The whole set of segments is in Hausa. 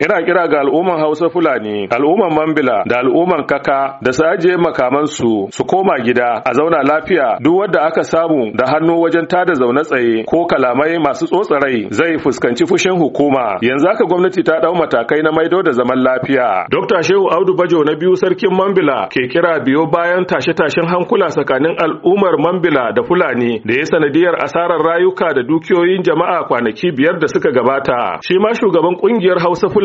ina kira ga al'umman Hausa Fulani al'umman Mambila da al'umman Kaka da su ajiye makaman su su koma gida a zauna lafiya duk wanda aka samu da hannu wajen tada zaune tsaye ko kalamai masu tsotsarai zai fuskanci fushin hukuma yanzu haka gwamnati ta dau matakai na maido da zaman lafiya Dr. Shehu Audu Bajo na biyu sarkin Mambila ke kira biyo bayan tashe-tashen hankula tsakanin al'ummar Mambila da Fulani da ya sanadiyar asarar rayuka da dukiyoyin jama'a kwanaki biyar da suka gabata shi ma shugaban kungiyar Hausa Fulani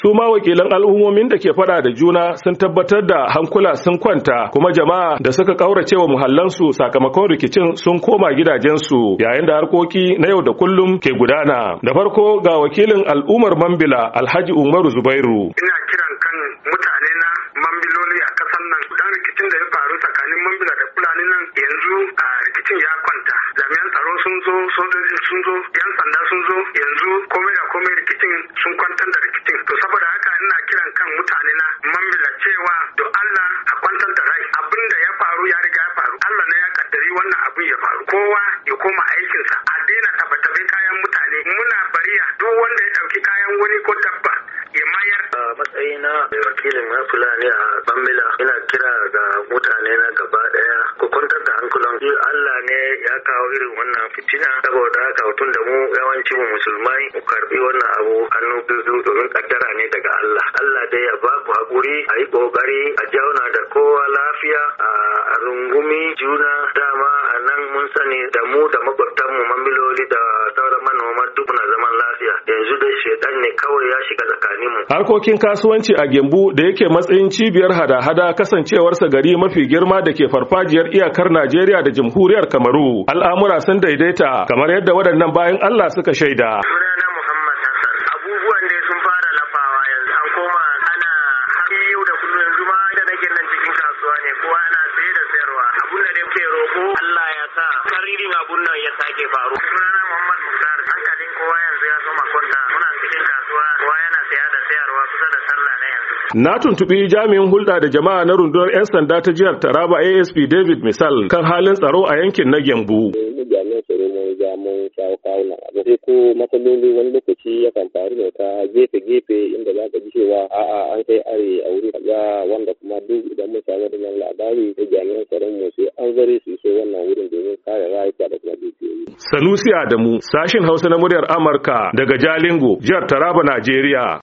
su ma wakilan al'ummomin da ke fada da juna sun tabbatar da hankula sun kwanta kuma jama'a da suka kaurace wa muhallansu sakamakon rikicin sun koma gidajensu yayin da harkoki na yau da kullum ke gudana da farko ga wakilin al'ummar mambila alhaji umaru zubairu ina kiran kan mutane na mambiloli a kasan nan da rikicin da ya faru tsakanin mambila da fulani nan yanzu a rikicin ya sojoji sun zo yan sanda sun zo yanzu komai da komai rikicin sun kwantar da rikicin to saboda haka ina kiran kan mutane na mamila cewa to Allah a kwantar da rai abin ya faru ya riga ya faru Allah ne ya kaddari wannan abin ya faru kowa ya koma aikinsa a daina tabbatabe kayan mutane muna bariya duk wanda ya dauki kayan wani ko dabba ya mayar a matsayina wakilin na fulani a bambila ina kira ga mutane na gaba daya ku kwantar kullum Allah ne ya kawo irin wannan fitina saboda haka tun da mu yawanci mu musulmai mu karbi wannan abu hannu biyu domin kaddara ne daga Allah Allah dai ya ba ku hakuri a yi kokari a jauna da kowa lafiya a rungumi juna dama a nan mun sani da mu da makwabtan mu mamiloli da shaidan ne kawai ya shiga tsakaninmu. Harkokin kasuwanci a Gembu da yake matsayin cibiyar hada-hada kasancewarsa gari mafi girma da ke farfajiyar iyakar Najeriya da Jamhuriyar Kamaru. Al'amura sun daidaita kamar yadda waɗannan bayan Allah suka shaida. na tuntuɓi jami'in hulɗa da jama'a na rundunar 'yan sanda ta jihar taraba asp david misal kan halin tsaro a yankin na gembu sai ko matsaloli wani lokaci yakan faru ne ta gefe gefe inda za ka ji cewa a'a an kai are a wuri kaza wanda kuma duk idan mun samu wannan labari da jami'an tsaron mu sai an zare su so wannan wurin domin kare rayuka da kuma dukiyoyi. Sanusi Adamu sashin Hausa na muryar Amurka daga Jalingo jihar Taraba Najeriya.